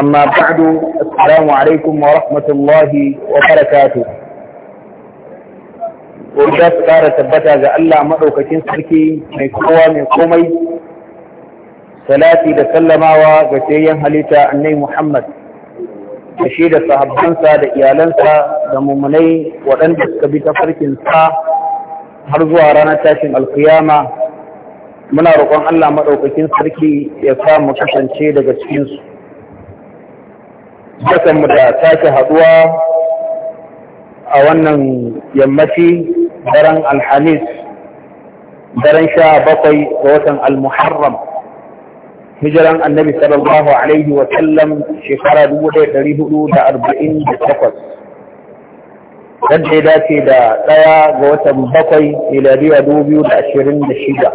أما بعد السلام عليكم ورحمة الله وبركاته Wadda su ƙara tabbata ga Allah maɗaukacin sarki mai kowa mai komai, salati da sallamawa ga sayan halitta annai Muhammad, da shi da sahabbansa da iyalansa da mummunai waɗanda suka bi sa har zuwa ranar tashin alkiyama muna roƙon Allah maɗaukakin sarki ya sa mu kasance daga cikinsu. mu da sake haduwa a wannan yammaci daren alhamis daren sha bakwai ga watan almuharram hijiran annabi sallallahu alaihi wa sallam shekara 1448 wadda ya dace da daya ga watan bakwai miladiya 2026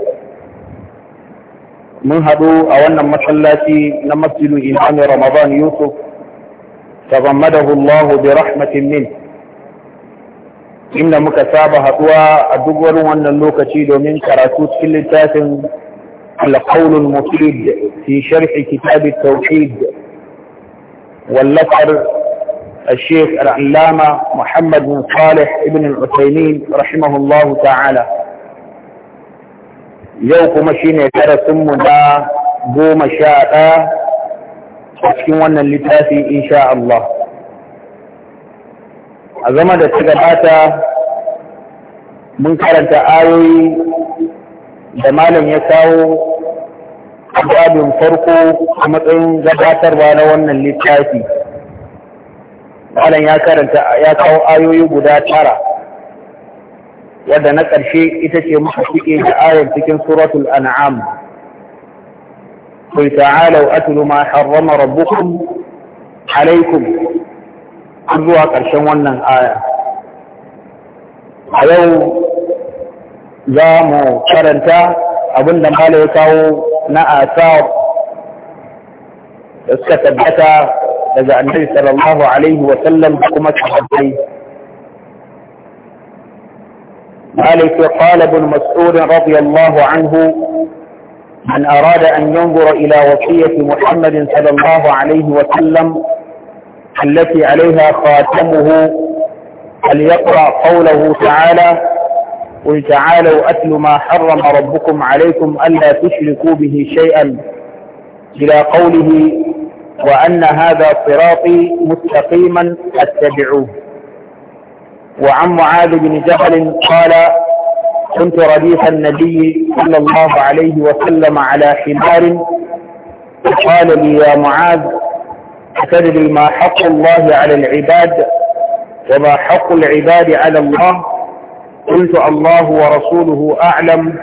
mun haɗu a wannan masallaci na masjidu imam ramadan yusuf تضمده الله برحمة منه إن مكتاب هدوى أدوغر وأن اللوكة تيد من كراتوت كل تاتم القول المفيد في شرح كتاب التوحيد واللقر الشيخ العلامة محمد بن صالح ابن العثيمين رحمه الله تعالى يوكو شيني ترسم لا بوم شاء a cikin wannan littafi insha Allah a zama da ta gabata mun karanta ayoyi da malam ya kawo babin farko a matsayin gabatarwa na wannan littafi malam ya karanta ya kawo ayoyi guda tara wadda na ƙarshe ita ce muka fiƙe da ayar cikin suratul an'am قل تعالوا أتلوا ما حرم ربكم عليكم أرضوا أكرشان وانا الايه ايو زامو شرنتا أبن دمالي كاو نا آثار اسكتب حتى لذا النبي صلى الله عليه وسلم بكم أتحدي مالك قال ابن مسعود رضي الله عنه من أراد أن ينظر إلى وصية محمد صلى الله عليه وسلم التي عليها خاتمه فليقرأ قوله تعالى قل تعالوا أتل ما حرم ربكم عليكم ألا تشركوا به شيئا إلى قوله وأن هذا صراطي مستقيما فاتبعوه وعن معاذ بن جبل قال كنت رديف النبي صلى الله عليه وسلم على حمار فقال لي يا معاذ أتدري ما حق الله على العباد وما حق العباد على الله قلت الله ورسوله أعلم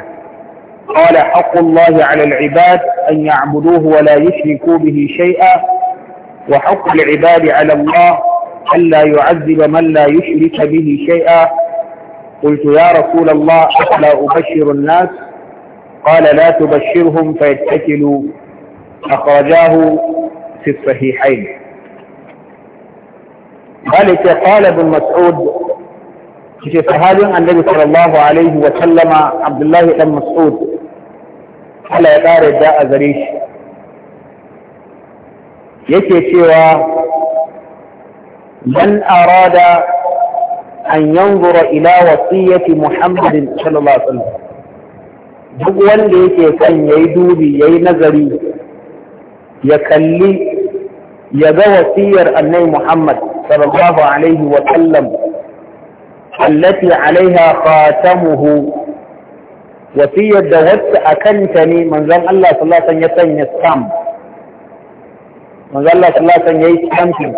قال حق الله على العباد أن يعبدوه ولا يشركوا به شيئا وحق العباد على الله ألا يعذب من لا يشرك به شيئا قلت يا رسول الله أفلا أبشر الناس قال لا تبشرهم فيتكلوا أخرجاه في الصحيحين ذلك قال ابن مسعود في صحابي النبي صلى الله عليه وسلم عبد الله بن مسعود على دار جاء زريش يكي سوى من أراد an yanzura ila wasiyyati muhammadin sallallahu alaihi duk wanda yake kan yayi dubi yayi nazari ya kalli ya ga wasiyar annabi muhammad sallallahu alaihi wa sallam allati alaiha khatamuhu wasiyar da wacce a kanta ne manzon Allah sallallahu alaihi wasallam ya sanya stamp manzon Allah sallallahu alaihi ya yayi stamping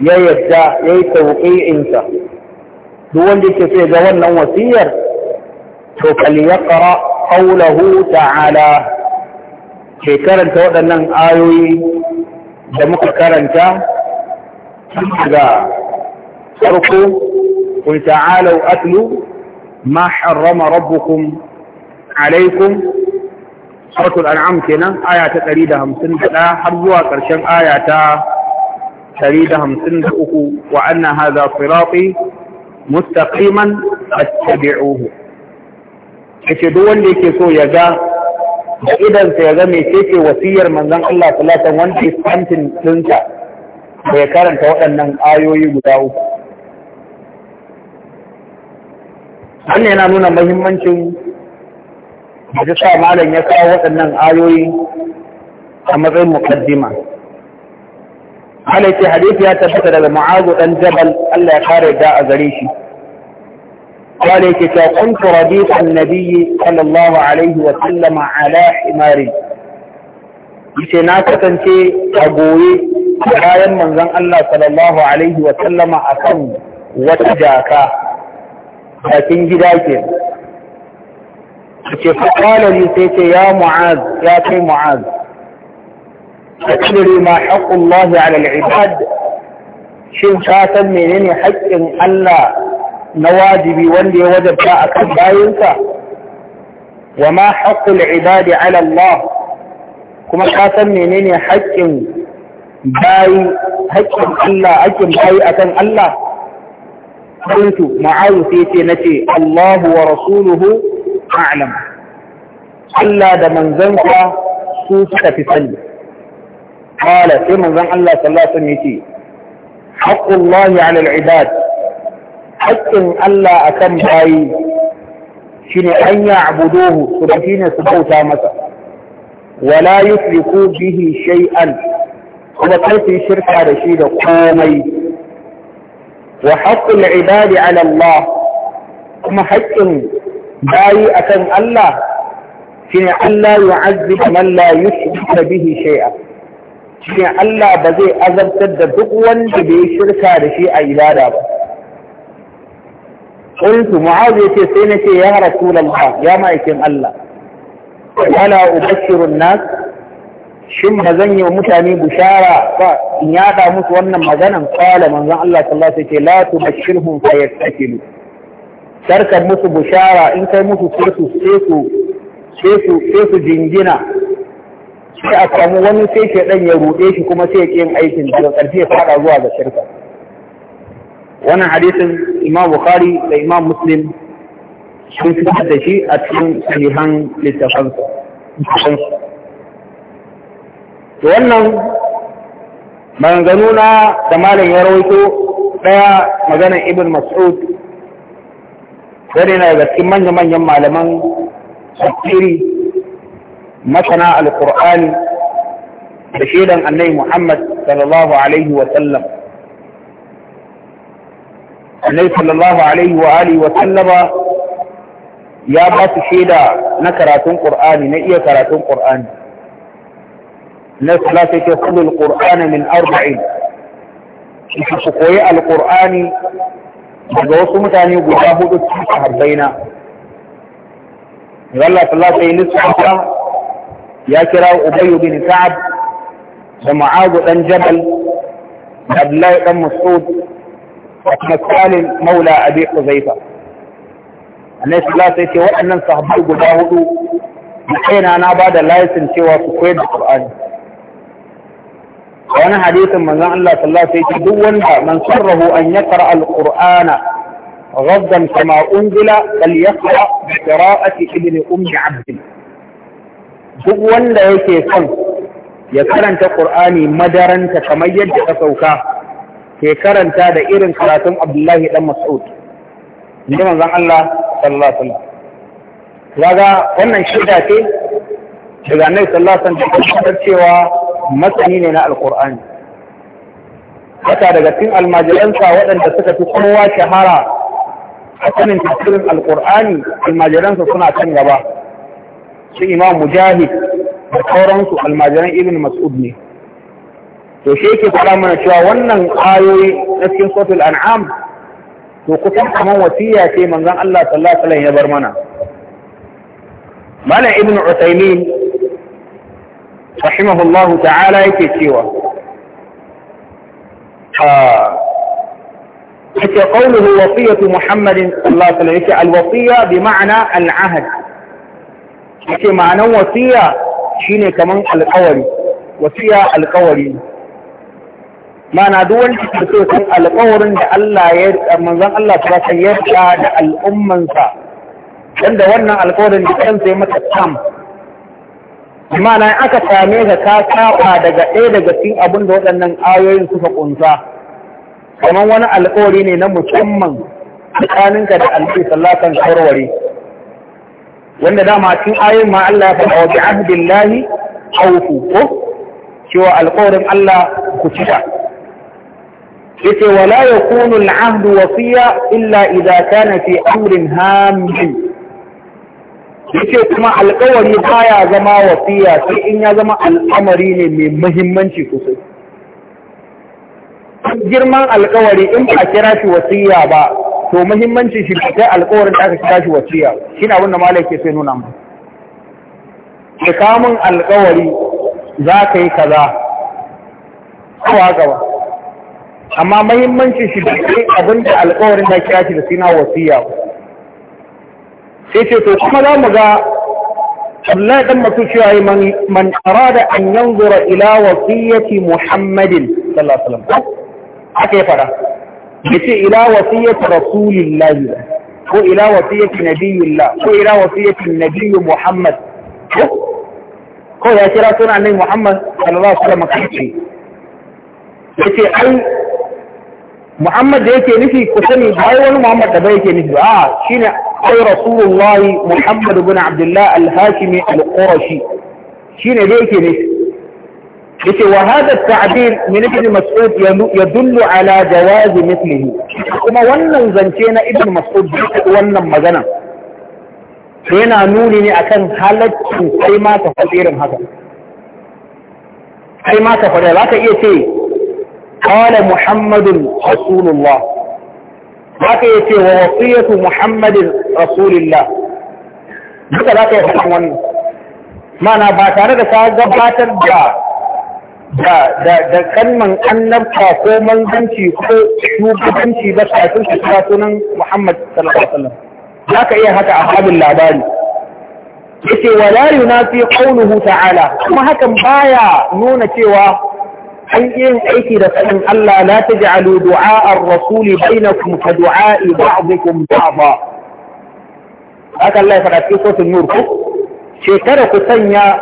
ya yadda ya yi tauƙi'insa duk wanda ke sai ga wannan wasiyar to kaliyakara ƙaunahu ta'ala ke karanta waɗannan ayoyi da muka karanta ga farko kun ta'ala atlu ma harrama rabbukum alaikum sarkul al'am kenan aya ta 151 har zuwa ƙarshen ayata. 153 wa anna hadha sirati mustaqiman fattabi'uhu yace duk wanda yake so ya ga da idansa ya ga mecece wasiyar manzon Allah sallallahu wanda ya fantin dinsa bai karanta waɗannan ayoyi guda uku wannan yana nuna muhimmancin da sa malam ya kawo waɗannan ayoyi a matsayin muqaddima malai ce hadisi ya tabbata daga mu'azu ɗan jabal Allah ya kare da a gare shi malai ce ta kuntu rabiqan nabiyyi sallallahu alaihi wa sallam ala himari yace na kasance a goye bayan manzon Allah sallallahu alaihi wa sallama akan wata jaka bakin gida ke ce fa qala sai ce ya mu'az ya kai mu'az تدري ما حق الله على العباد shin ka san menene haƙƙin Allah na wajibi wanda ya wajabta a kan bayansa wa ma haƙƙul ibadi ala Allah kuma ka san menene haƙƙin bayi haƙƙin Allah haƙƙin bayi akan Allah kuntu ma'azu sai ce nace Allah wa rasuluhu Allah da manzansa su suka fi sani qala sai manzon Allah sallallahu alaihi wasallam yace haqqullahi 'ala al-ibad Allah akan bayi shine an ya'buduhu su da su bauta masa wala yusriku bihi kuma kai su shirka da shi da komai wa haqqul ibadi 'ala Allah kuma haƙƙin bayi akan Allah shine Allah yu'azzibu man la yushrika bihi shay'an shine Allah ba zai azabtar da duk wanda bai shirka da shi a ibada ba Mu'azu ya ce sai na ce ya rasulullah ya ma'aikin Allah wala ubashirun nas shin ba zan yi wa mutane bushara ba in yaɗa musu wannan maganan qala manzon Allah sallallahu alaihi wasallam la tubashshirhum Sarkar musu bushara in kai musu su sai su sai su jingina sai a samu wani sai ɗan ya rude shi kuma sai ya ƙi yin aikin daga ƙarfi ya faɗa zuwa ga shirka wannan hadisin imam bukhari da imam muslim sun fi da shi a cikin sahihan littafansa to wannan maganganu na da malam ya rawaito ɗaya maganar ibn mas'ud wani na daga cikin manya-manyan malaman tafsiri masana alƙur'ani da shaidan annai muhammad sallallahu alaihi wa sallam annai sallallahu alaihi wa ya ba su shaida na karatun ƙur'ani na iya karatun ƙur'ani na salata ta kullu alqur'ana min arba'in su koyi alƙur'ani daga wasu mutane guda hudu cikin sahabbaina Allah sallallahu alaihi wa يا كراء أبي بن كعب ومعاذ بن جبل الله بن مسعود ومكال مولى أبي حذيفة الناس لا تيسي وأنن صحبه قداهد بحين أنا بعد لا يسن سوى سكوية القرآن وأنا حديث من ذا الله صلى الله عليه وسلم من سره أن يقرأ القرآن غضا كما أنزل فليقرأ بقراءة ابن أم عبد duk wanda yake son ya karanta ƙur'ani madaranta kamar yadda ka sauka ke karanta da irin karatun Abdullahi dan Mas'ud ne manzon Allah sallallahu alaihi wasallam wannan shaida ce daga Annabi sallallahu alaihi wasallam da cewa masani ne na Al-Qur'ani daga cikin almajiransa waɗanda suka fi kowa shahara a sanin tafsirin al almajiransa suna kan gaba su imam mujahid da sauransu almajiran ibn mas'ud ne to shi yake faɗa mana cewa wannan ayoyi na cikin suratul an'am to kusan kaman wasiya ce manzon Allah sallallahu alaihi wasallam ya bar mana malam ibn usaymin rahimahullahu ta'ala yake cewa yake qawluhu wasiyatu muhammadin sallallahu alaihi wasallam yake alwasiya bi ma'ana al'ahd yake ma'anan wasiya shine kaman alƙawari wasiya alƙawari ma'ana duk wanda ke so san alƙawarin da Allah ya manzon Allah ta san yarda da al'ummansa dan da wannan alƙawarin da kan sai mata tam ma'ana aka same ka ka saba daga ɗaya daga cikin abin da waɗannan ayoyin suka ƙunsa, kamar wani alƙawari ne na musamman tsakaninka da alƙi sallatan shawarwari wanda dama cikin ayoyin ma Allah ya faɗa wa bi ahdillahi awfu ko cewa alƙawarin Allah ku cika yace wala yakunu al-ahd wasiya illa idza kana fi amrin hammin yace kuma alƙawari baya zama wasiya sai in ya zama al'amari ne mai muhimmanci sosai girman alƙawari in ba kira shi wasiya ba to muhimmancin shi da alƙawarin da aka kira shi wasiya shine abin da malai ke sai nuna mu ki kamun alƙawari za ka yi kaza kawa gaba amma muhimmancin shi da abin da alƙawarin da kira shi da na wasiya sai ce to kuma za mu ga Allah dan mutu cewa yi man arada an yanzura ila wasiyati Muhammadin sallallahu alaihi wasallam aka yi fara yace ila wasiyati rasulillahi ko ila wasiyati nabiyillah ko ila wasiyati nabiy muhammad ko ya kira sunan annabi muhammad sallallahu alaihi wasallam kace yace ai muhammad da yake nufi ku sani ba wani muhammad da ba yake nufi a shine ai rasulullahi muhammad ibn abdullah al-hashimi al-qurashi shine da yake nufi yace wa hada ta'bir min ibn mas'ud yadullu ala jawaz mithlihi kuma wannan zance na ibn mas'ud wannan magana yana nuni ne akan halaccin kai ma ka faɗi irin haka kai ma ka faɗi zaka iya ce qala muhammadun rasulullah zaka iya ce wa wasiyatu muhammadin rasulillah duka zaka iya faɗi wannan mana ba tare da ka gabatar da da da kalman annabta ko manzanci ko shugabanci ba kafin ka kira sunan Muhammad sallallahu alaihi wasallam ka iya haka a babin labari yace wala yunafi qawluhu ta'ala kuma hakan baya nuna cewa an yin aiki da sanin Allah la taj'alu du'a ar-rasuli bainakum ka du'a'i ba'dikum ba'dha haka Allah ya faɗa cikin suratul nur ko shekara ku sanya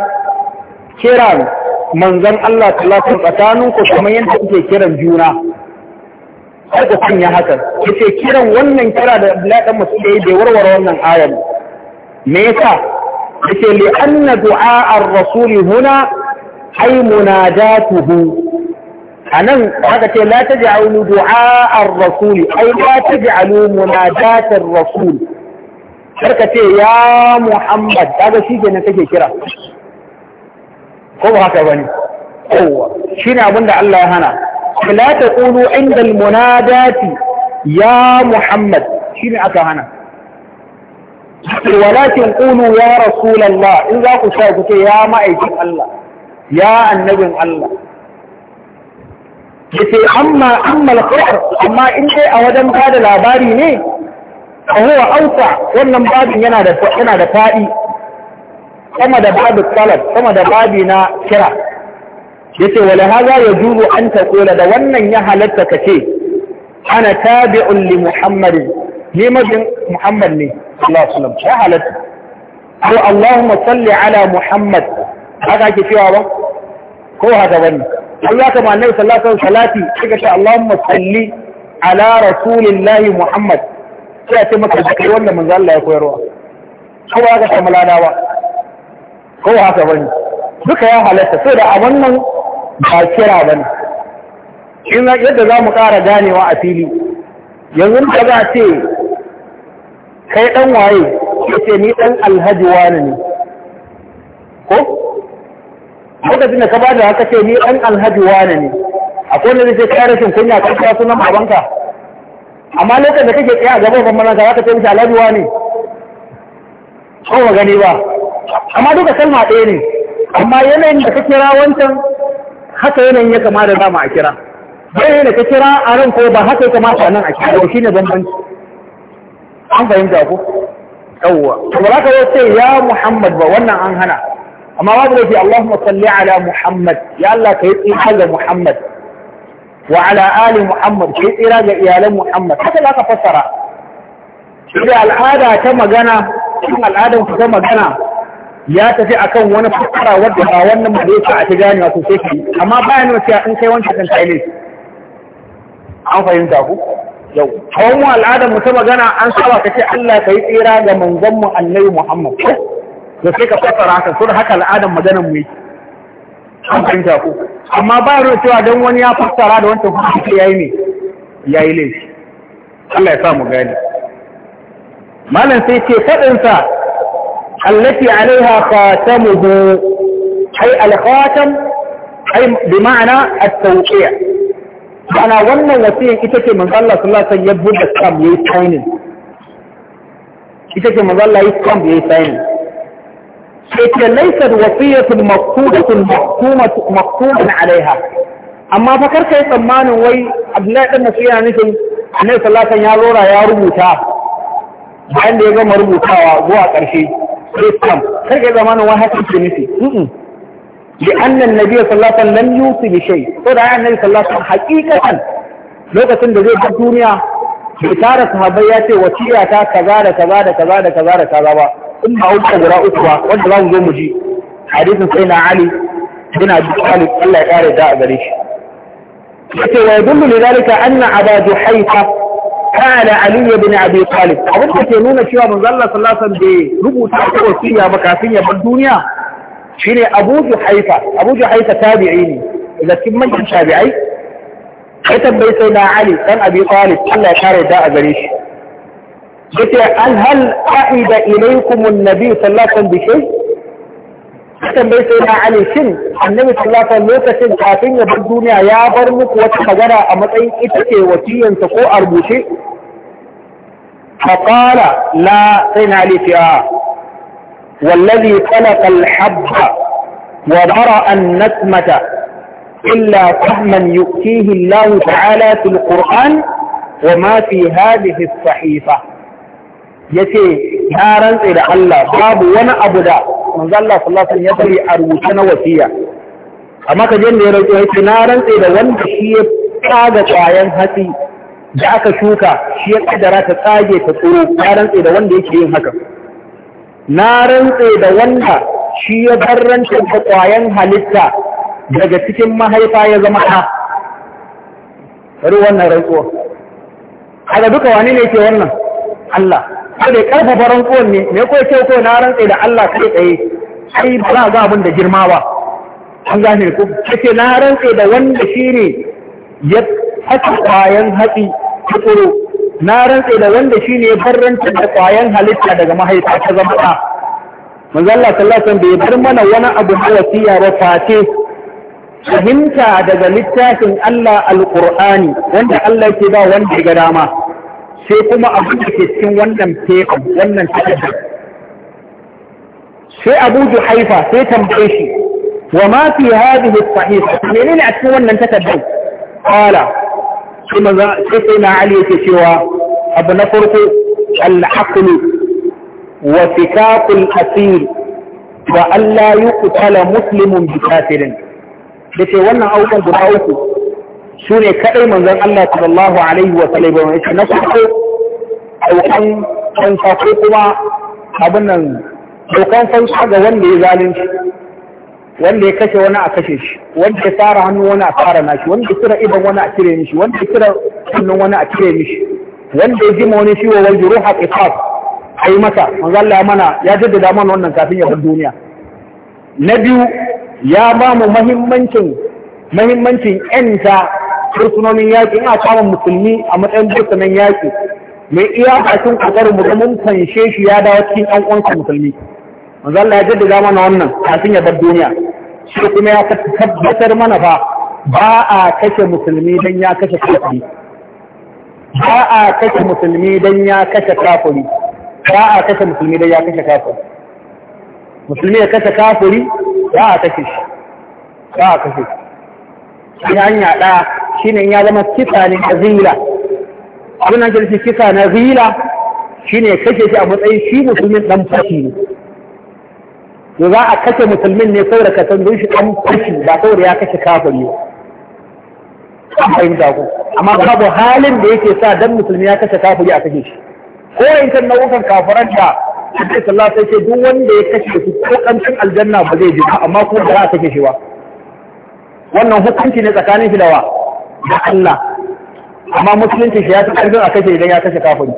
kiran manzon Allah sallallahu tsakanin ku kamar yadda kuke kiran juna har ku sanya haka yace kiran wannan kira da Abdullahi masu Mas'ud yayi bai warware wannan ayar me yasa yace li anna du'a ar-rasul huna ay munadatuhu nan haka ce la taj'alu du'a ar-rasul ay la taj'alu munadat ar karka ce ya Muhammad kaga shi kenan kake kira ko ba haka bane kowa shine abin da Allah ya hana la taqulu inda almunadati ya muhammad shine aka hana walakin qulu ya rasulullah in za ku sha ku ce ya ma'aikin Allah ya annabin Allah yace amma amma al amma in dai a wajen bada labari ne huwa ausa wannan babin yana da yana da fadi sama da babu talab sama da babi na kira yace wala haza ya yajuzu an taqula da wannan ya halatta ka ce ana tabi'un li muhammadin ni majin muhammad ne sallallahu alaihi wasallam ya halatta ko allahumma salli ala muhammad haka ke cewa ba ko haka bane Allah kama annabi sallallahu alaihi wasallam salati kika ce allahumma salli ala rasulillahi muhammad sai a ce maka da wannan manzo Allah ya koyarwa ko haka kamar ladawa ko haka bane duka ya halatta sai da a wannan ba kira bane in yadda za mu ƙara ganewa a fili yanzu ka za ce kai ɗan waye ya ce ni ɗan alhaji wani ne ko? haka da ka bada haka ce ni ɗan alhaji wani ne akwai wanda zai kai rashin kunya kan kasu sunan babanka amma lokacin da kake tsaya a gaban bambana za ka ce mishi alhaji wani ko ba gani ba amma duka kalma ɗaya ne amma yanayin da ka kira wancan haka yanayin ya kama da mu a kira yanayin yana ka kira a ran ko ba haka ya kamata nan a kira da shi ne bambanci an fahimta ko yawwa kuma za ka ce ya muhammad ba wannan an hana amma ba da yake allahumma salli ala muhammad ya allah ka yi tsira ga muhammad wa ala ali muhammad ka yi tsira ga iyalan muhammad haka za ka fassara Ibi al'ada ta magana cikin al'adar ta magana ya tafi akan wani fasara wadda ba wannan ba zai sa a ta gane wato sai ki amma bayan nuna cewa in kai wancan kan kai an fahimta ku yau hawan mu al'adar mu ta magana an saba kace Allah kai tsira ga manzon mu Annabi Muhammad to sai ka fasara haka sun haka al'adar maganar mu yake an fahimta ku amma bayan nuna cewa dan wani ya fasara da wancan kuma sai yayi ne yayi laifi Allah ya sa mu gane malam sai ce fadinsa التي عليها خاتمه أي الخاتم أي بمعنى التوقيع أنا ظن وسيع إتكي من ظل صلى الله عليه وسلم يبدو السلام يتعين إتكي من ظل يتعين يتعين إتكي ليست وصية مقصودة مقصودة عليها أما فكر كيف yi tsammanin أبناء النسيح ɗan nasu yana nufin annabi sallallahu ya zora ya rubuta bayan da ya وقوة rubutawa islam kar ka zama nan wahaka ke nufi bi annan nabiy sallallahu alaihi wasallam yusi bi shay to da annabi sallallahu alaihi wasallam lokacin da zai bar duniya bai tara sahabbai ya ce wasiya ta kaza da kaza da kaza da kaza da kaza ba in ba uku guda uku ba wanda za mu zo mu ji hadisin sai na ali bin abi Ali, Allah ya kare da a gare shi Ya yace wa yadullu lidhalika anna aba haifa. kana ali bin abi talib abin da ke nuna cewa manzo Allah sallallahu alaihi wasallam rubuta ko wasiya ba kafin ya bar duniya shine Abu Juhaifa Abu Juhaifa tabi'i ne daga cikin manyan tabi'ai ya tambayi sai na Ali dan Abi Talib Allah ya kare da a gare shi yace al hal ahida ilaykum an-nabi sallallahu alaihi wasallam ya tambayi sai na ali shin annabi sallallahu alaihi lokacin kafin ya bar duniya ya bar muku wata magana a matsayin ita ce wasiyansa ko a rubuce فقال لا سين علي فيها والذي خلق الحب وبرأ النسمة إلا فهما يؤتيه الله تعالى في القرآن وما في هذه الصحيفة يتي نارا إلى الله باب وانا أبدا manzo Allah sallallahu alaihi wasallam ya bari a rubuce na wasiya amma ka je da ya rauke yake na rantse da wanda shi ya tsaga kwayan hatsi da aka shuka shi ya kaddara ta tsage ta tsoro na rantsa da wanda yake yin haka na rantsa da wanda shi ya barranta da kwayan halitta daga cikin mahaifa ya zama ɗa bari wannan rantsuwa kada duka wani ne ke wannan Allah ko da karfafa rantsuwan ne me ko ce ko na rantse da Allah kai tsaye ai ba za ga abin da girma ba an gane ku kace na rantse da wanda shine ya haka kwayan hatsi tukuru na rantse da wanda shine ya farranta da kwayan halitta daga mahaifa ta zama ta manzo Allah sallallahu alaihi bai bar mana wani abu da wasiya ba face fahimta daga littafin Allah alqur'ani wanda Allah ke ba wanda ya ga dama sai kuma abu da ke cikin wannan paper wannan takardar sai abu haifa sai tambaye shi wa ma fi hadhihi sahiha menene a cikin wannan takardar qala sai maza sai sai na ali yake cewa abu na farko al-aqlu wa fikakul asir wa an la yuqtala muslimun bi kafirin dace wannan abubuwan guda uku su ne kaɗai manzan Allah sallallahu alaihi wa sallam ya ce na farko aukan fansa ko kuma abin nan Aukan fansa ga wanda ya zalunci wanda ya kashe wani a kashe shi wanda ya tsara hannu wani a tsara nashi wanda ya kira idan wani a cire mishi wanda ya kira hannun wani a cire mishi wanda ya zima wani wajen ruha juruha a yi masa manzo Allah mana ya jaddada mana wannan kafin ya bar duniya na biyu ya ba mu muhimmancin muhimmancin yanta fursunonin yaƙi ina kama musulmi a matsayin fursunan yaƙi mai iya bakin kokarin mu mun fanshe shi ya dawo cikin ɗan uwansa musulmi manzo Allah ya jaddada mana wannan kafin ya bar duniya shi kuma ya tabbatar mana fa ba a kashe musulmi dan ya kashe kafiri ba a kashe musulmi dan ya kashe kafiri ba a kashe musulmi dan ya kashe kafiri musulmi ya kashe kafiri ba a kashe shi ba a kashe shi hanya ɗaya shine ya zama kisa ne na zila abin da ake kisa na zila shine kashe shi a matsayin shi musulmin dan fashi ne to za a kashe musulmin ne saboda ka san shi dan fashi ba saboda ya kashe kafiri ba an fahimta ku amma babu halin da yake sa dan musulmi ya kashe kafiri a kashe shi ko in kan nau'ukan kafiran da Annabi sallallahu alaihi ce, duk wanda ya kashe su ko kancin aljanna ba zai ji amma kuma ba za a kashe shi ba wannan hukunci ne tsakanin filawa. da wa da Allah amma musulunci shi ya fi ƙarfin a kashe idan ya kashe kafin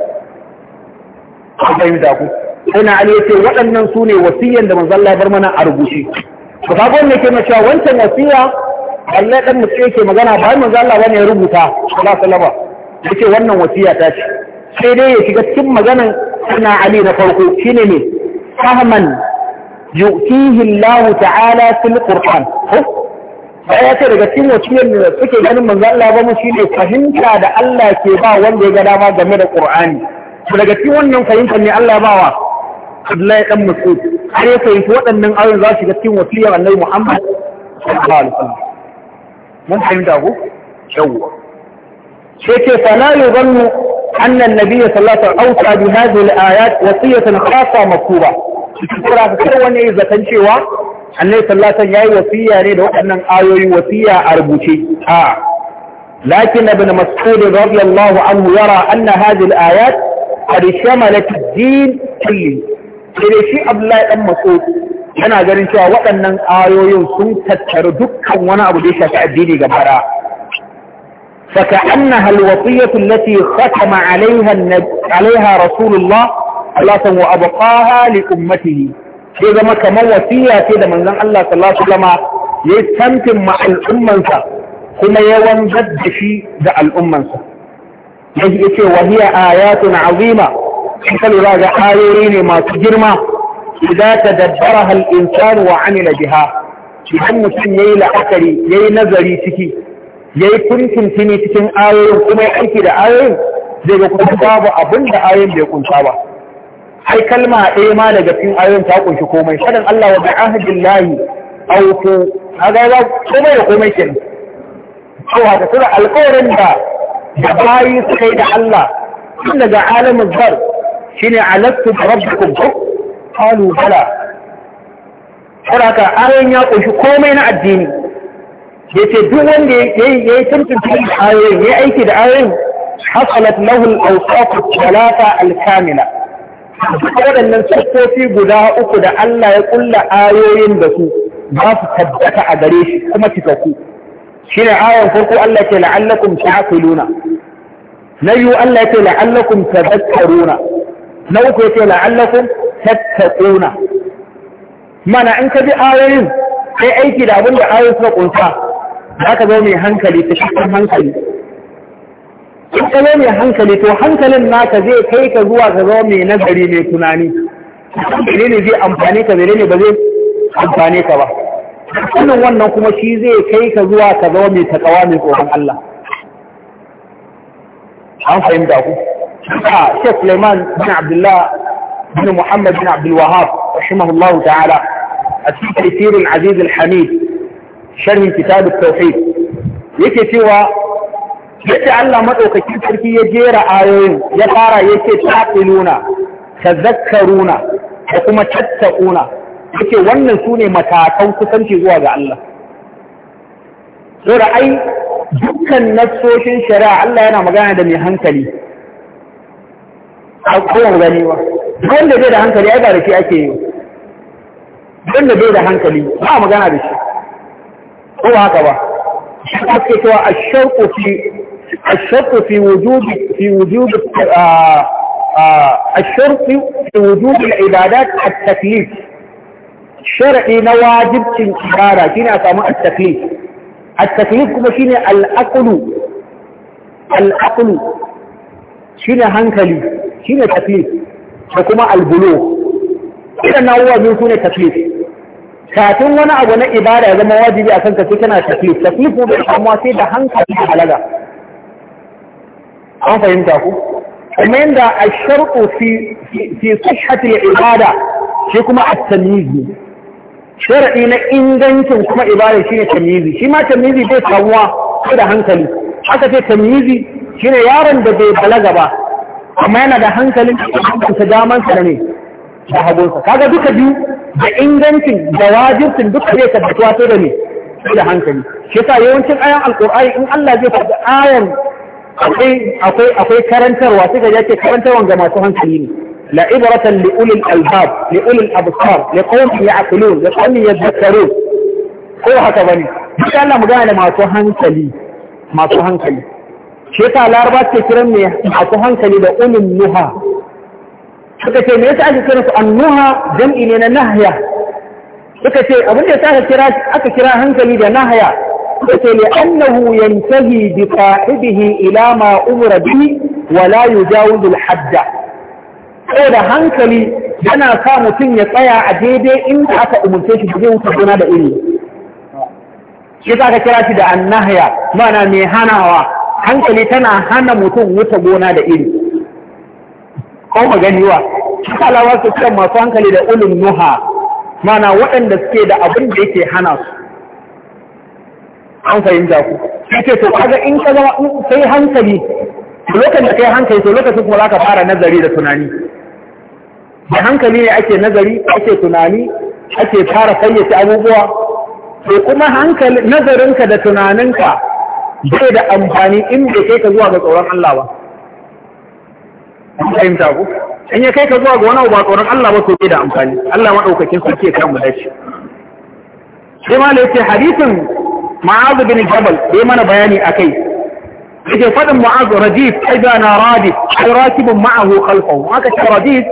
a fahimta ku ina ali ya ce waɗannan su ne wasiyyan da manzalla bar mana a rubuce ba ka gwamna ke na cewa wancan wasiya Allah ɗan mutum yake magana ba manzalla wani ya rubuta ba su laba. ya ce wannan wasiyya ta ce sai dai ya shiga cikin maganan ina ali na farko shine ne fahman yu'tihi Allah ta'ala fil Qur'an bayan ya ce daga cikin wakilin da suke ganin manzo Allah ba mu shine fahimta da Allah ke ba wanda ya ga dama game da Qur'ani to daga cikin wannan fahimta ne Allah ba wa Abdullahi dan Mas'ud har ya fahimci waɗannan ayoyin za su ga cikin wasiyar Annabi Muhammad sallallahu alaihi wasallam mun fahimta ko yawwa sai ce fa la yuzannu anna an-nabiy sallallahu alaihi wasallam awsa bi hadhihi al-ayat wasiyatan khassa maktuba shi kira ka kar wani ya cewa annai sallatan ya yi wasiya ne da waɗannan ayoyi wasiya a rubuce a lakin abin masudin radiyallahu anhu yara anna hazil ayat a shamalat din kulli sai shi abdullahi dan masud yana ganin cewa waɗannan ayoyin sun tattara dukkan wani abu da ya shafi addini gaba da فكأنها الوصية التي ختم عليها, النب... عليها رسول الله الله وأبقاها لأمته sai zama kamar wasiya ce da manzon Allah sallallahu alaihi ya yayi tantin ma al'ummansa kuma yawan da shi da al'ummansa yaji ya wa hiya ayatun azima kan lura ga ayoyi ne masu girma idan ta hal insanu wa amila biha idan mutum yayi la'akari yayi nazari ciki yayi kuntintini cikin ayoyin kuma ya aiki da ayoyin zai ga kuma babu abin da ayoyin bai kunta ba ai kalma ɗaya ma daga cikin ayoyin ta kunshi komai shadan Allah wa bi'ahdi llahi awfu kaga ba komai da komai kenan to haka sura alƙawarin da da bayi suka yi da Allah tun daga alamin zar shine alastu rabbukum qalu bala saboda ayoyin ya kunshi komai na addini yace duk wanda yayi tuntunta ayoyin yayi aiki da ayoyin hasalat lahu al-awsaf al-thalatha al-kamila waɗannan siffofi guda uku da Allah ya ƙulla ayoyin da su ba su tabbata a gare shi kuma cikakku shi ne awon farko Allah ke la'allakum ta'qiluna na yiwu Allah ke la'allakum tadhakkaruna na uku ke la'allakum tattaquna mana in ka bi ayoyin sai aiki da abin da ayoyin suka kunsa za ka zo mai hankali ta shi hankali in ka mai hankali to hankalin naka zai kai ka zuwa ka zama mai nazari mai tunani mene ne zai amfane ka mene ne ba zai amfane ka ba sannan wannan kuma shi zai kai ka zuwa ka zama mai takawa mai tsoron Allah an fahimta ku a Sheikh Sulaiman bin Abdullah bin Muhammad bin Abdul Wahhab rahimahullah ta'ala a cikin tafsirin Aziz al-Hamid sharhin kitab at-tauhid yake cewa ce Allah maɗaukakin sarki ya jera ayoyin ya fara ya ce taƙiluna ta zakaruna da kuma tattaƙuna ya ce wannan su ne matakan kusanci zuwa ga Allah saboda ai dukkan nassoshin shari'a Allah yana magana da mai hankali a kowar gani ba wanda bai da hankali ai ba da shi ake yi wanda bai da hankali ba magana da shi ko ba haka ba shi ake cewa a shauƙofi الشرط في وجود في وجود آه، آه، الشرط في وجود العبادات التكليف شرعي نواجب إبادة هنا أسمى التكليف التكليف كما شنو الأقل الأقل شنو هنكلي شنو تكليف وكما البلوغ إذا نوع من سنة تكليف kafin wani abu na ibada ya zama wajibi a تكليف sai kana taklif taklif mu bai samuwa sai da an fahimta ku kuma yadda a sharɗu fi sihhatil ibada shi kuma a tamizi sharaɗi na ingancin kuma ibada shine tamizi shi ma tamizi bai samuwa ko da hankali haka ce tamizi shine yaron da bai balaga ba amma yana da hankalin da damansa da ne da hagunsa kaga duka biyu da ingancin da wajibcin duka zai tabbatuwa sai da ne da hankali shi yasa yawancin ayan alqur'ani in Allah zai faɗi ayan akwai karantarwa suka yake karantarwa ga masu hankali ne la ibratan li ulil albab li ulil absar li qawmin ya'qilun li qawmin yadhakkarun ko haka bane duk Allah magana da masu hankali masu hankali shi yasa laraba ce kiran mai masu hankali da ulul nuha suka ce me yasa ake kiran su annuha jam'i ne na nahya suka ce abin da yasa aka kira aka kira hankali da nahya suka ce annahu yantahi bi sahibihi ila ma umra bi wa la yujawizu al-hadda saboda hankali yana sa mutum ya tsaya a daidai inda aka umurce shi da zai gona da iri shi za ka kira shi da annahya mana mai hanawa hankali tana hana mutum wuce gona da iri ko maganiwa shi kalawa su kan masu hankali da ulun nuha mana waɗanda suke da abin da yake hana su an fahimta ku ce to kaga in ka zama sai hankali lokacin da kai hankali to lokacin kuma zaka fara nazari da tunani da hankali ne ake nazari ake tunani ake fara fayyace abubuwa to kuma hankali nazarinka da tunaninka bai da amfani in bai kai ka zuwa ga tsoron Allah ba an fahimta ku in ya kai ka zuwa ga wani ba tsoron Allah ba to bai da amfani Allah madaukakin sarki ya kama shi sai ma da ce hadisin ma'azu bin jabal bai mana bayani a kai yake faɗin ma'azu radif aiza na radif ai rakibin ma'ahu kalfahu aka ce radif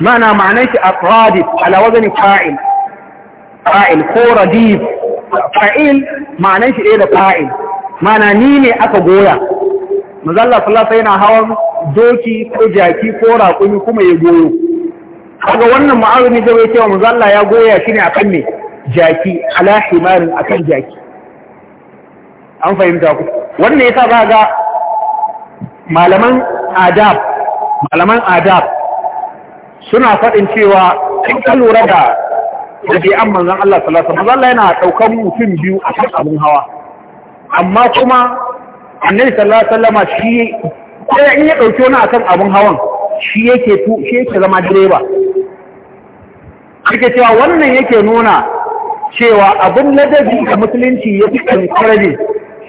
mana ma'anar shi a radif ala fa'il fa'il ko radif fa'il ma'anar shi ɗaya da fa'il mana ni ne aka goya mazalla sallasa yana hawan doki ko jaki ko raƙumi kuma ya goyo kaga wannan ma'azumi zai cewa mazalla ya goya shi ne akan ne jaki ala himarin akan jaki an fahimta ku wannan yasa ba ga malaman adab malaman adab suna faɗin cewa in ka lura da an manzon Allah sallallahu alaihi wasallam yana daukan mutum biyu a kan hawa amma kuma annabi sallallahu alaihi shi sai in ya dauke wani akan abun hawan shi yake tu shi yake zama direba yake cewa wannan yake nuna cewa abin ladabi da musulunci ya fi kankarabe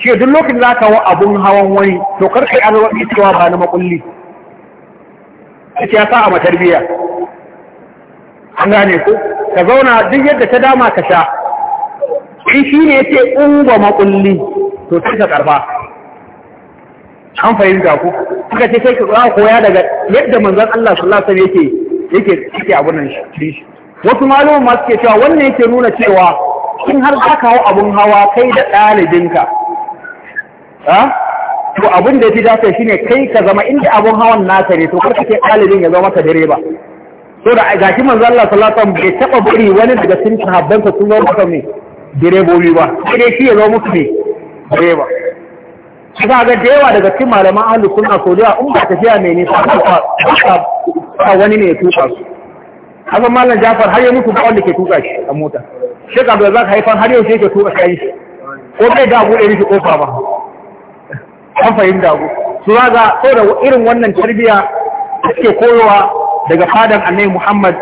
shi duk lokacin za ka wa abun hawan wani to karka yi ita cewa ba na makulli ake ya sa a matarbiya an gane ku ka zauna duk yadda ta dama ka sha shi shi ne ya ce in ba makulli to sai ka karba an ga ku suka ce sai ka koya daga yadda manzan Allah su lasa ne yake yake yake abun nan shi wasu malaman ma suke cewa wannan yake nuna cewa in har za ka hau abun hawa kai da ɗalibinka to abin da ya fi dace shi ne kai ka zama inda abin hawan naka ne to karka ce ɗalibin ya zama dare direba so da a gashi manzo Allah sallallahu alaihi wasallam bai taba buri wani daga cikin sahabbansa sun zama maka ne direbobi ba sai dai shi ya zama musu ne direba kaga ga dewa daga cikin malaman ahli sunna ko da umma ta tafiya mai nisa ba wani ne ya tuka su haka mallan Jafar har ya mutu ba wanda ke tuka shi a mota Sheikh za ka haifan har yau sai ke tuka shi ko bai da bude miki kofa ba an fahimta ku su za ga saboda irin wannan tarbiyya suke koyowa daga fadan annabi Muhammad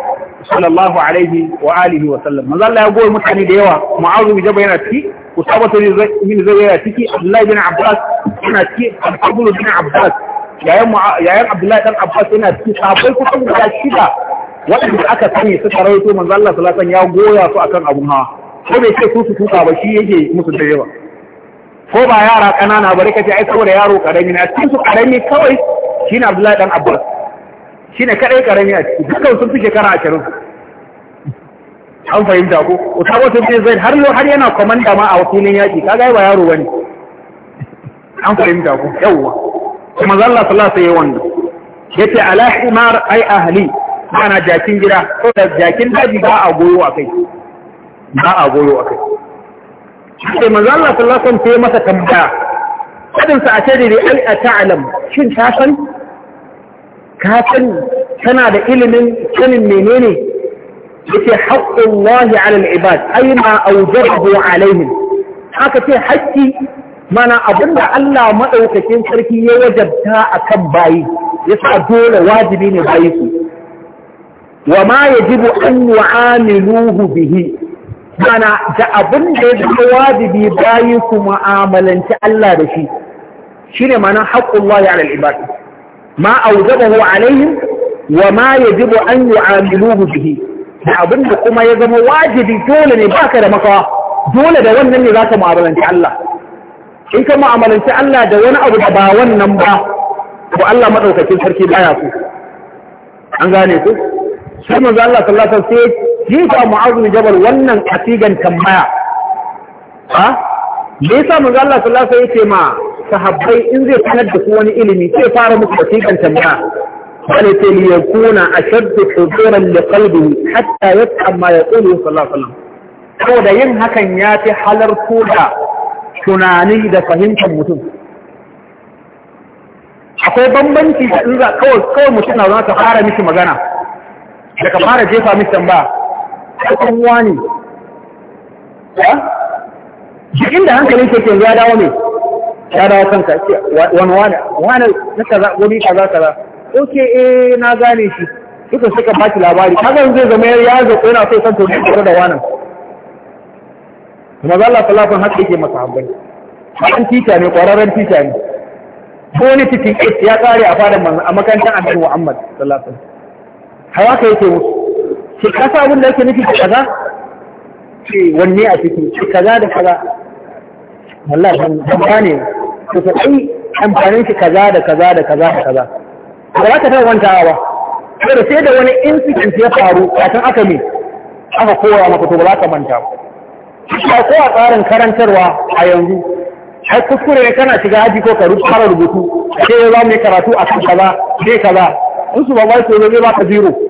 sallallahu alaihi wa alihi wa sallam manzo Allah ya goyi mutane da yawa mu'azu bin jabal yana ciki Ku usama bin zayd yana ciki abdullahi bin abbas yana ciki abdullah bin abbas yayin yayin abdullahi dan abbas yana ciki safai kusan guda shida waɗanda aka sani suka rawaito manzo Allah sallallahu alaihi ya goya su akan abun hawa ko bai ce su su tuka ba shi yake musu da yawa ko ba yara ƙanana bari ka ce ai saboda yaro ƙarami na cikin su ƙarami kawai shine Abdullahi dan Abbas shine kadai ƙarami a ciki dukkan sun fi shekara ashirin an fahimta ko Usama sun fi zai har har yana komanda ma a wakilin yaki kaga ba yaro bane an fahimta ko yawa kuma zalla sallallahu alaihi wannan yace ala himar ai ahli ana jakin gida ko da jakin daji ba a goyo akai ba a goyo akai sai manzo Allah sallallahu alaihi wasallam masa tambaya kadin sa a ce dai ai a ta'lam shin ka san ka san kana da ilimin sanin menene yace haqqullahi 'ala al-ibad ay ma awjabahu 'alaihim haka ce haƙƙi mana abinda Allah madaukakin sarki ya wajabta akan bayi yasa dole wajibi ne bayi su wa ma yajibu an yu'amiluhu bihi mana da abin da ya zama wajibi bayi ku mu'amalanci Allah da shi shi ne mana haƙƙun wa al-ibad ma awjabahu 'alaihim wa ma ya yajibu an yu'amiluhu bihi da abin da kuma ya zama wajibi dole ne baka da makawa dole da wannan ne zaka mu'amalanci Allah in ka mu'amalanci Allah da wani abu da ba wannan ba ko Allah madaukakin sarki baya ku an gane ku sai manzo Allah sallallahu alaihi wasallam sai yasa mu'azu jabal wannan asigan tambaya ha me yasa manzo Allah sallallahu alaihi wasallam ma sahabbai in zai sanar da su wani ilimi sai fara musu asigan tambaya wala ta liyakuna ashaddu huduran li qalbi hatta yafham ma yaqulu sallallahu alaihi wasallam saboda yin hakan ya fi halarto da tunani da fahimtar mutum akwai bambanci da in za kawai kawai mutum na zama ka fara mishi magana da ka fara jefa mishi tambaya ɗan wani duk inda hankali ke ke ya dawo ne ya dawo kanka ce wani wani wani na kaza wani kaza kaza ok eh na gane shi duka suka ba ki labari kaga zai zama ya zo ko yana so san to ne da wani kuma za Allah salafin haka yake masa hambai an tita ne ƙwararren tita ne ko ne titin ya kare a fadan manzan a makarantar annabi Muhammad sallallahu alaihi wasallam hawaka yake musu ce kasa abin da ake nufi da kaza ce wanne a ciki ce kaza da kaza wallah ban ne ko ta ai amfanin shi kaza da kaza da kaza da kaza ba za ka taɓa wanta ba da sai da wani incident ya faru kafin aka ne aka kowa maka to ba za ka manta ba shi ko a tsarin karantarwa a yanzu har kuskure ne kana shiga aji ko ka fara rubutu sai ya za mu yi karatu a kan kaza sai kaza in su ba ba su zai ba ka zero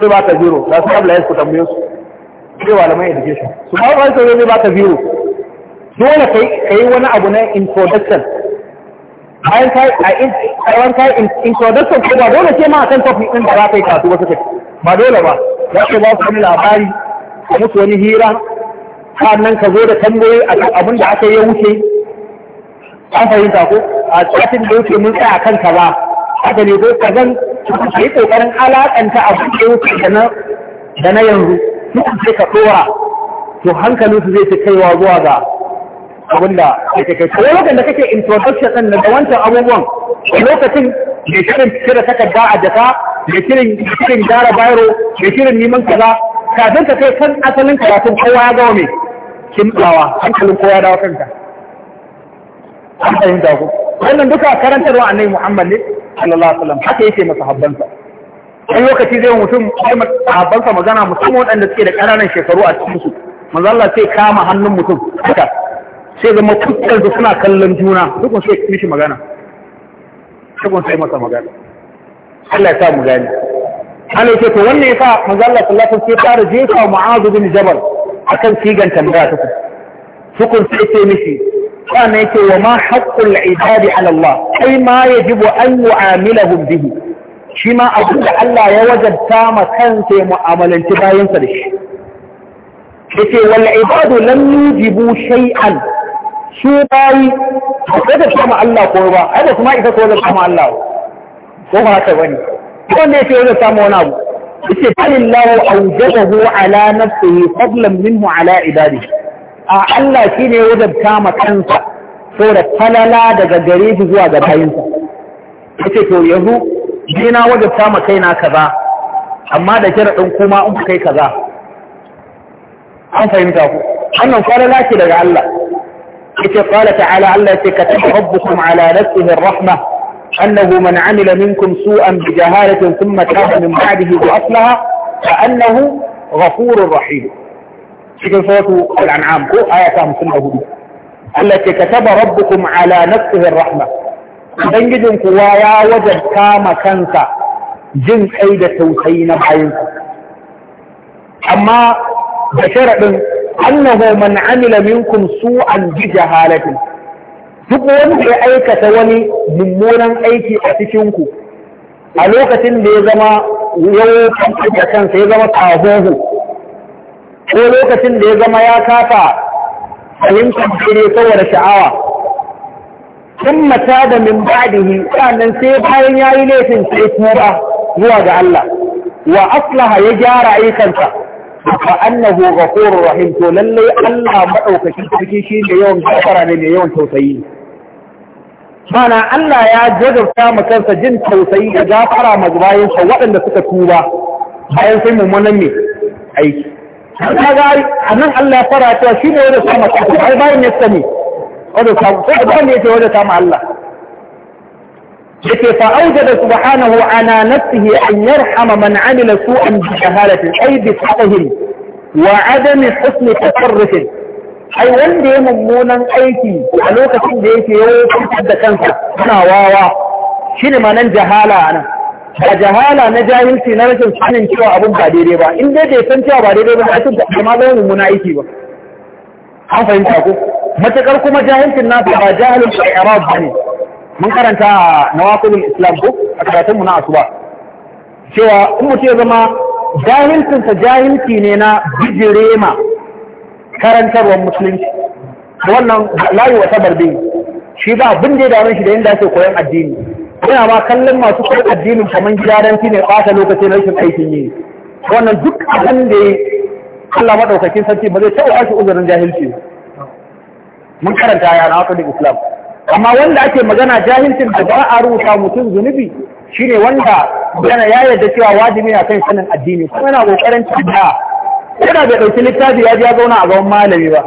sai ba ta zero da su abla ku tambaye su sai malaman education su ba ba sai zai ba biro zero dole ka yi wani abu na introduction bayan kai a wan kai introduction ko ba dole ce ma akan topic din da za ka yi kasu wasu kai ba dole ba za ka ba su wani labari ka musu wani hira sannan ka zo da tambayoyi kan abin da aka yi wuce an fahimta ko a cikin da yake mun tsaya kan kaza haka ne ko kazan ka yi kokarin alakanta abin da da na da na yanzu mutum sai ka dora to hankalin su zai ta kaiwa zuwa ga abin da kake kai ko lokacin da kake introduction din da wancan abubuwan lokacin da shirin cire takarda a jaka da shirin shirin gara bayro da shirin neman kaza kafin ka kai kan asalin karatun kowa ya gawa mai kimtsawa hankalin kowa ya dawo kanka an fahimta ku wannan duka karantarwa annabi Muhammad ne sallallahu masa lokaci zai mutum kuma magana musamman waɗanda suke da ƙananan shekaru a cikin su manzo Allah sai kama hannun mutum haka sai zama kukkar da suna kallon juna dukkan sai mishi magana dukkan sai masa magana Allah ya sa mu gani Allah ya ce to wannan manzo Allah sallallahu alaihi wasallam sai fara jefa Mu'adh bin Jabal akan sigan tambaya ta su kun sai ce mishi sannan yake wa ma haƙƙul ibadi ala Allah ai ma yajibu an yu'amilahum bihi shi ma abu da Allah ya wajabta ma kansa ya mu'amalanci bayansa da shi yake wal ibadu lam yujibu shay'an su bayi ba ta da sama Allah ko ba ai da kuma ita ko da ma Allah ko ba haka bane wanda yake wajen samu wani abu yace balillahu awjabahu ala nafsihi fadlan minhu ala ibadihi a Allah shi ne wajabta ma kansa ko da falala daga gare shi zuwa ga bayinsa ya ce to yanzu ni na wajabta ma kaina kaza amma da sharaɗin kuma in kai kaza an fahimta ku wannan falala ce daga Allah ya ce qala ta'ala Allah ya ce kataba rabbukum ala nafsihi rahma rahmah أنه من عمل منكم سوءا بجهالة ثم تاب من بعده وأصلها فأنه غفور رحيم cikin suratu al-an'am ko aya ta 54 Allah ke kataba rabbukum ala nafsihi rahma ubangijin kuwa ya wajen kama kansa jin kai da tausayi na bayansa amma da sharaɗin annahu man amila minkum su'an bi jahalatin duk wanda ya aikata wani mummunan aiki a cikin ku a lokacin da ya zama yau kan kansa ya zama tahohu ko lokacin da ya zama ya kafa fahimtar dare saboda sha'awa sun mata da min ba'dihi sannan sai bayan ya yi laifin sai tura zuwa ga Allah wa aslaha ya gyara ayyukansa fa annahu ghafurur rahim to lallai Allah madaukaki sarki shi ne yawan gafara ne mai yawan tausayi mana Allah ya jazabta ma kansa jin tausayi da gafara ma bayan waɗanda suka tuba bayan sai mummunan ne aiki kaga ai anan Allah ya fara cewa shi ne wanda sama ta ai bayan ne sani wanda samu sai da bayan yake wanda sama Allah yake fa aujada subhanahu ala nafsihi an yarhama man amila su'an bi jahalatin ay bi fahmin wa adam husn tasarruf ai wanda ya mummunan aiki a lokacin da yake yawo da kansa yana wawa shine ma nan jahala anan da jahala na jahilci na rashin sanin cewa abun ba daidai ba in dai bai san cewa ba daidai ba na cin da zai mun muna aiki ba an fahimta ko matakar kuma jahilcin nasu ba jahilin da arab ba ne mun karanta a nawakilin islam ko a karatunmu na asuba cewa in mutum ya zama sa jahilci ne na bijirema karantarwar musulunci da wannan layi wata barbe shi ba abin da ya dame shi da da ake koyon addini yana ma kallon masu kai addinin kaman gidaranci ne ɓata lokacin rashin aikin yi wannan duk abin da ya Allah maɗaukakin sarki ba zai taɓa ba shi uzurin jahilci mun karanta ya na wakilin islam amma wanda ake magana jahilcin da ba a rubuta mutum zunubi shine wanda yana ya yarda cewa wajibi a kan sanin addini kuma yana kokarin tada yana da ɗauki littafi ya ji ya zauna a gaban malami ba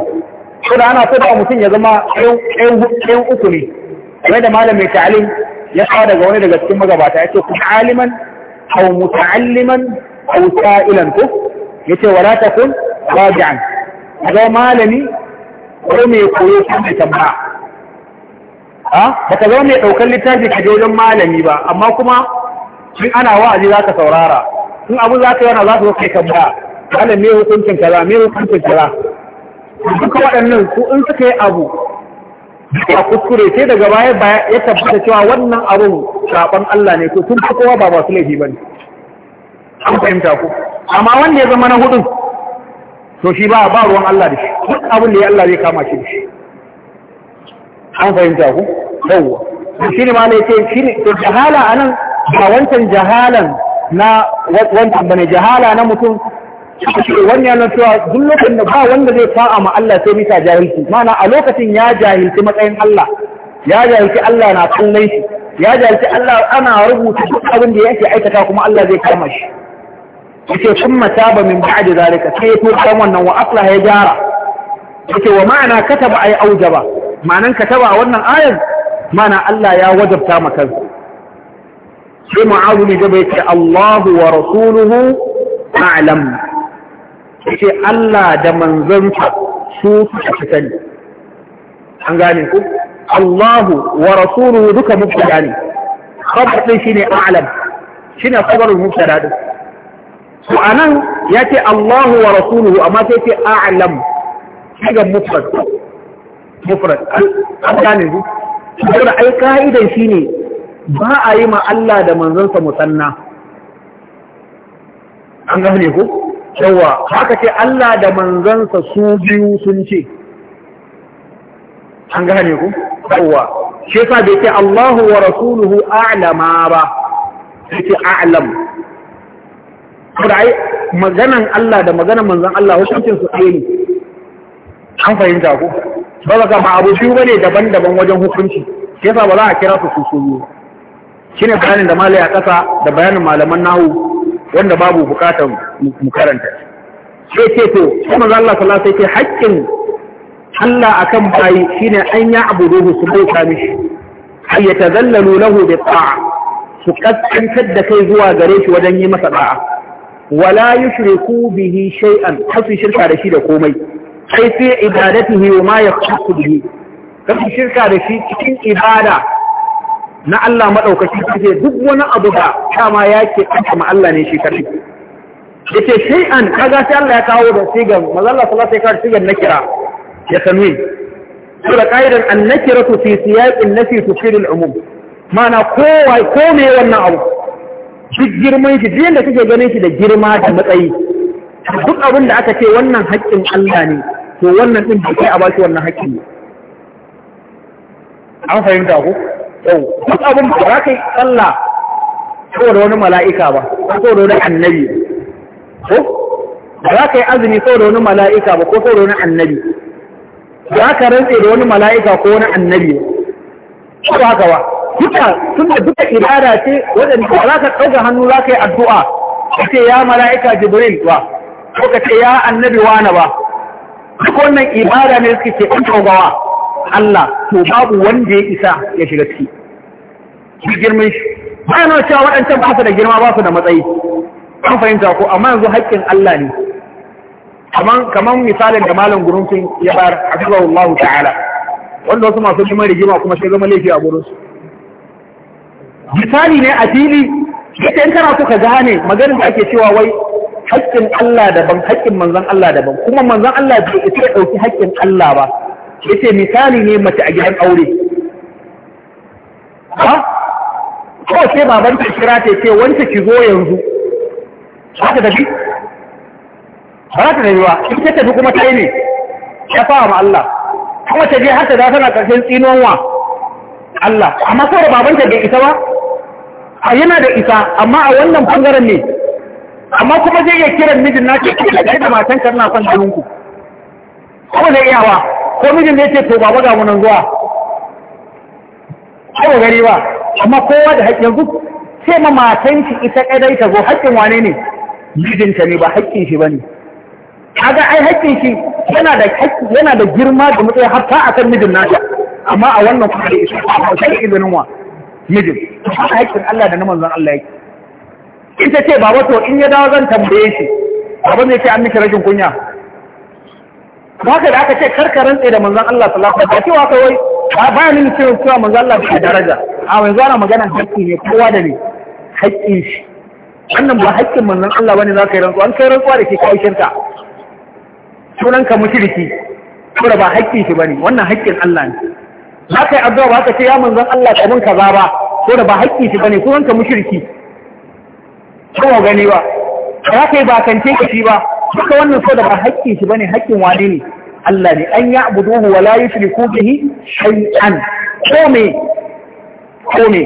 da ana so da mutum ya zama ɗayan uku ne kamar da malamin ta'alim ya kawo daga wani daga cikin magabata ya ce ku aliman au muta'alliman au sa'ilan ya ce wala ta kun A ga malami ko mai koyo ko mai tambaya ha baka zama mai daukar littafi ka jirgin malami ba amma kuma in ana wa'azi ka saurara in abu za zaka yana zaka zo kai tambaya malam me hukuncin kaza me hukuncin kaza duka waɗannan su in suka yi abu a kuskure sai daga baya baya ya tabbata cewa wannan abun saban Allah ne ko tun kowa ba masu laifi ba ne an fahimta ku amma wanda ya zama na hudun to shi ba ba ruwan Allah da shi duk abin da ya Allah zai kama shi da shi an fahimta ku yawwa shi ne ma ne ce shi ne to jahala anan ba wancan jahalan na wancan bane jahala na mutum wani yana cewa duk lokacin da ba wanda zai fa'a ma Allah sai bisa jahilci mana a lokacin ya jahilci matsayin Allah ya jahilci Allah na kallon shi ya jahilci Allah ana rubuta duk abin da yake aikata kuma Allah zai kama shi yake mata mataba min ba'da zalika sai to kan wannan wa aslaha ya jara yake wa ma'ana kataba ay aujaba ma'anan kataba wannan ayar ma'ana Allah ya wajabta maka sai mu'azu ne gaba ce Allahu wa rasuluhu a'lam yace Allah da manzansa su suka fi sani an gane ku Allahu wa rasuluhu duka mubtada ne khabar din shine a'lam shine khabarul mubtada din nan anan ce Allahu wa rasuluhu amma sai ce a'lam ga mufrad mufrad an gane ku saboda ai ka'idan shine ba a yi ma Allah da manzansa musanna an gane ku yawa haka ce Allah da manzansa su biyu sun ce an gane ku yawa shi sa bai ce Allahu wa rasuluhu a'lama ba sai ce a'lam Kuma ai maganan Allah da maganan manzan Allah hukuncin su ɗaya ne an fahimta ku ba za ka ba abu biyu ne daban-daban wajen hukunci shi sa ba za a kira su su su ne bayanin da malaya ƙasa da bayanin malaman nahu wanda babu bukatar mu karanta sai ce to Kuma manzo Allah sallallahu alaihi wasallam haƙƙin Allah akan bayi shine an ya abuduhu su bauta mishi ay yatazallalu lahu bi ta'a su kaskantar da kai zuwa gare shi wajen yi masa da'a wala yushriku bihi shay'an hasu shirka da shi da komai sai fi ibadatihi wa ma yaqtu bihi kafi shirka da shi cikin ibada na Allah maɗaukaki ce duk wani abu da dama ya ke kama Allah ne shi karfi da ke shai'an kaga sai Allah ya kawo da sigar mazalla salata ya kawo sigar na kira ya sanwi su da ƙa'idar an na kira su fi siyaƙin na fi tufirin umum mana kowa ko me wannan abu duk girman shi duk da kake ganin shi da girma da matsayi duk abin da aka ce wannan haƙƙin Allah ne to wannan ɗin bai kai a baki wannan haƙƙin ne an fahimta ko yau duk abin da za ka yi sallah ko da wani mala'ika ba ko da wani annabi ko ba za ka yi azumi ko da wani mala'ika ba ko da wani annabi za ka rantse da wani mala'ika ko wani annabi ba ba ka ba duka tun da duka irada ce waɗanda za ka ɗauka hannu za ka yi addu'a ka ce ya mala'ika jibril ba ko ka ce ya annabi wani ba duk wannan ibada ne suke ce ɗan gawa Allah to babu wanda ya isa ya shiga ciki shi girman shi bayan na cewa waɗancan ba su da girma ba su da matsayi an fahimta ko amma yanzu haƙƙin Allah ne kamar misalin da malam gurumfin ya bayar a Allah ta'ala wanda wasu masu neman rigima kuma sai zama laifi a gurinsu misali ne a fili ita in kana so ka gane maganin da ake cewa wai haƙƙin Allah daban haƙƙin manzon Allah daban kuma manzon Allah bai ita ya ɗauki haƙƙin Allah ba yace misali ne mace a gidan aure ha ko sai baban ta kira ta ce wanda ki zo yanzu haka da bi ba ta da yiwa in ta tafi kuma tai ne ya fa ma Allah kuma ta je har ta za na karshen tsinon Allah amma sai da baban ta bai isa ba a yana da isa amma a wannan bangaren ne amma kuma zai iya kiran mijin na ce da matan karna son dunku kuma zai iyawa ko mijin da yake to baba ga munan zuwa ko gari ba amma kowa da haƙƙin yanzu ce ma matan ki ita kadai ta zo haƙƙin wane ne mijinta ne ba haƙƙin shi bane kaga ai haƙƙin shi yana da yana da girma da mutum har ta akan mijin nasa amma a wannan kuma da isa ba sai izinin wa mijin haƙƙin Allah da na manzon Allah yake Ita ce baba to in ya dawo zan tambaye shi baba ne ce an miki rashin kunya haka da aka ce karka rantse da manzon Allah sallallahu alaihi wasallam cewa kawai ba ni cewa cewa manzon Allah bai daraja a wani zara magana haƙƙi ne kowa da ne haƙƙin shi wannan ba haƙƙin manzon Allah bane za ka yi rantsuwa an kai rantsuwa da ke kai shirka sunan ka mushriki kuma ba haƙƙin shi bane wannan haƙƙin Allah ne za ka yi addu'a ba ka ce ya manzon Allah ka mun kaza ba ko da ba haƙƙin shi bane sunan ka mushriki ko gani ba za ka yi ba kance ka shi ba duka wannan so da ba haƙƙin shi bane haƙƙin wani ne Allah ne an ya abuduhu wala la yushriku bihi shay'an ko me ko me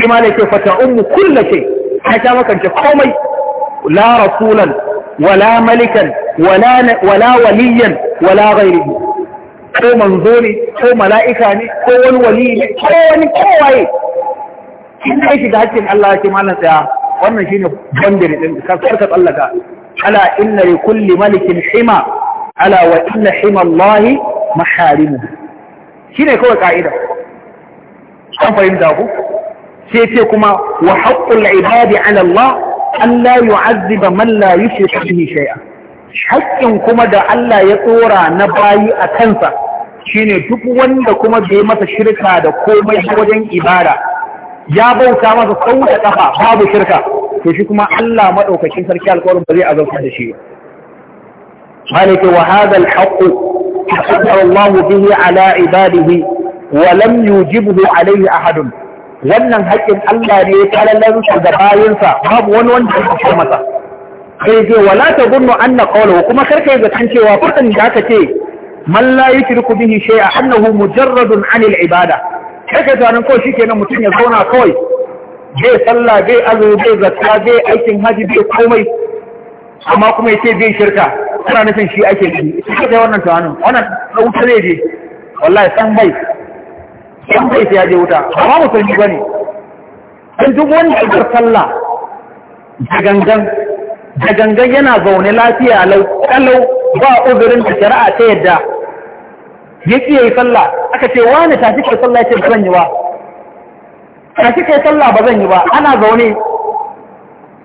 shi ma da ke fata ummu kullace ta ta makance komai la rasulan wala malikan wala waliyan wala ghairihi ko manzo ne ko mala'ika ne ko wani wali ne ko wani kowaye in ai shiga hakkin Allah ya ce mallan tsaya wannan shine bandare din ka tsallaka ala inna li kulli malikin hima ala wa inna hima Allah maharimu shine kawai ka'ida an fahimta ku sai kuma wa haqqul ibadi ala Allah an la yu'azziba man la yushriku kuma da Allah ya tsora na bayi a kansa shine duk wanda kuma bai masa shirka da komai wajen ibada ya bauta masa sau da kafa babu shirka to shi kuma Allah maɗaukacin sarki alƙawarin ba zai azabta da shi a wa hadha al-haqq Allah bihi ala ibadihi wa lam ahadun wannan haƙƙin Allah ne ya su babu wani wanda ya masa sai wala ta gunnu anna qawluhu kuma karka yi zaton cewa fadin da aka ce man la yushriku bihi annahu mujarradun anil ibada karka tunanin kawai kenan mutum ya zauna kawai bai sallah bai azumi bai zakka bai aikin haji bai komai amma kuma yace bai shirka kana nufin shi ake yi shi kai wannan tunanin wannan wuta zai je wallahi san bai san bai sai ya je wuta amma musulmi bane dan duk wanda ya bar sallah da gangan da gangan yana zaune lafiya lau kalau ba uzurin da shari'a ta yadda yake yi sallah aka ce wani tafi kai sallah yake ban yi wa ka kika yi sallah ba zan yi ba ana zaune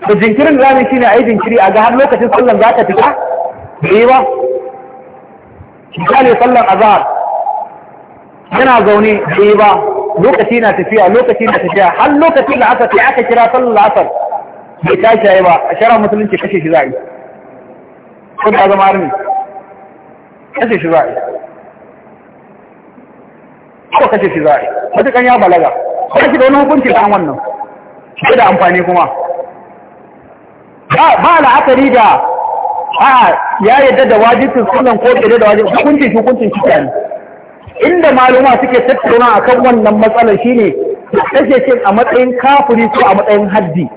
da jinkirin da ne a yi jinkiri a ga har lokacin sallan za ka fita da yi ba misali sallan azhar yana zaune yi ba lokaci na tafiya lokaci na tafiya har lokacin da aka ce aka kira sallan asar bai tashi yayi ba a shara musulunci kashe shi za'i ko da zama armi kashe shi za'i ko kashe shi za'i matukan ya balaga ba shi da wani hukunci kan wannan shi da amfani kuma ba la'akari da a ya yadda da wajibin sunan ko tsere da wajibin hukuncin shi hukuncin shi ne inda maluma suke tattauna a kan wannan matsalar shi ne kashe cin a matsayin kafuri ko a matsayin haddi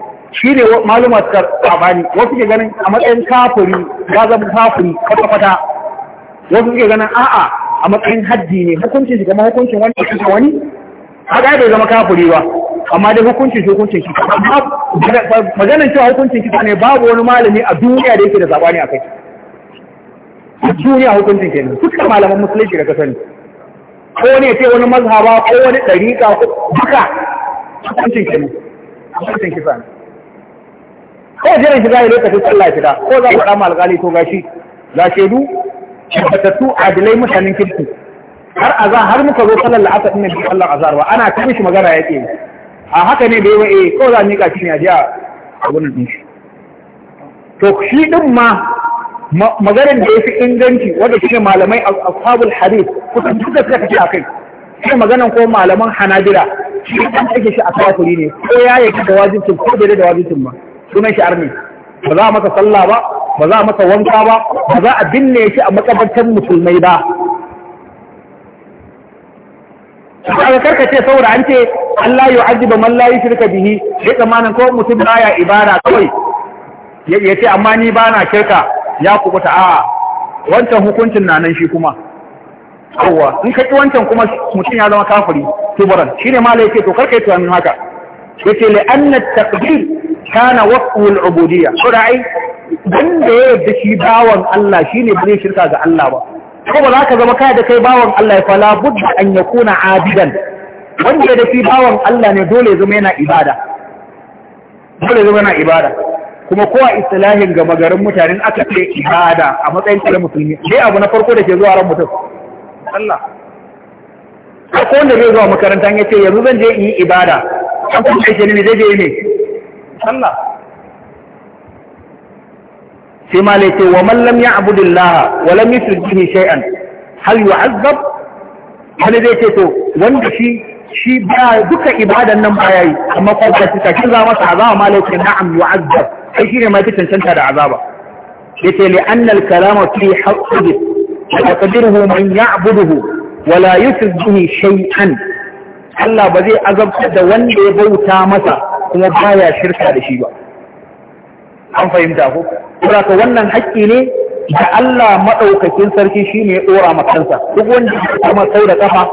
shi ne maluma suka tsabani wasu ke ganin a matsayin kafuri ya zama kafuri kwata-kwata wasu ke ganin a'a a matsayin haddi ne hukuncin shi kuma hukuncin wani a wani kaga bai zama kafiri ba amma dai hukuncin shi hukuncin shi maganan cewa hukuncin shi ne babu wani malami a duniya da yake da sabani akai duniya hukuncin ne, dukkan malaman musulunci da ka sani ko ne ce wani mazhaba ko wani ɗariƙa duka hukuncin kenan hukuncin kisa ne ko jiran shiga ya lokacin sallah shiga ko za ku dama alƙali to gashi ga shedu tabbatattu adilai mutanen kirki har azan har muka zo sallar la'asar ina bi sallar azhar ba ana ta mishi magana ya ke a haka ne da yawa eh ko za a miƙa shi ne a ji a wannan ɗin shi to shi ɗin ma maganar da ya fi inganci wadda shi malamai ashabul hadith kusan da suka tafi a kai shi maganar ko malaman hanabira shi an ake shi a kafuri ne ko ya yake da wajibcin ko bai da wajibcin ba sunan shi arni ba za a masa sallah ba ba za a masa wanka ba ba za a binne shi a makabartar musulmai ba kaga karka ce saboda an ce Allah ya ajiba man la yushrika bihi sai tsamanin ko mutum baya ibada kawai ya ce amma ni ba na shirka ya kubuta a'a wancan hukuncin na nan shi kuma yawwa in ka wancan kuma mutum ya zama kafiri tubaran shine ma yake to karka yi amin haka yace li anna taqdir kana waqfu al-ubudiyya so da ai wanda ya yarda shi bawan Allah shine bai shirka ga Allah ba ko ba za ka zama kai da kai bawan Allah fa la budda an yakuna abidan wanda da fi bawan Allah ne dole zama yana ibada dole zama yana ibada kuma ko a istilahin ga magarin mutanen aka ce ibada a matsayin kare musulmi sai abu na farko da ke zuwa ran mutum Allah ko wanda zai zuwa makarantan ya ce yanzu zan je in yi ibada an kuma aiki ne zai je ne Allah sai ma lai ce wa man lam ya'budu Allah wa lam yushrik bihi shay'an hal azab? wani zai ce to wanda shi shi ba duka ibadan nan ba yayi amma fa ka tuka kin za masa azaba ma lai ce na'am yu'azzab sai shine mai cancanta da azaba yace li anna kalama fi haqqihi wa taqdiruhu man ya'buduhu wa la yushrik shay'an Allah ba zai azabta da wanda ya bauta masa kuma baya shirka da shi ba an fahimta ko kuma ka wannan haƙƙi ne da Allah madaukakin sarki shine ya dora makansa duk wanda ya kuma sau da kafa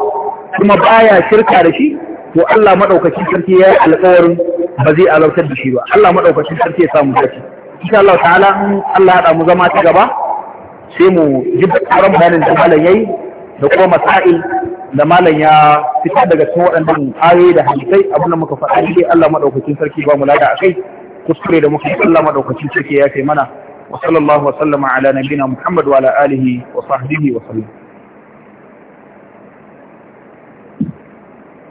kuma baya shirka da shi to Allah madaukakin sarki ya yi alƙawarin ba zai alautar da shi ba Allah madaukakin sarki ya samu shi. insha Allah ta'ala Allah ya mu zama ci gaba sai mu ji karan bayanin da malam yayi da kuma masail da malam ya fitar daga cikin waɗannan ayoyi da hadisai abin da muka faɗa shi Allah madaukakin sarki ba mu lada akai kuskure da muke Allah madaukakin sarki ya kai mana wa sallallahu wa sallama ala nabina Muhammad wa ala alihi wa sahbihi wa sallam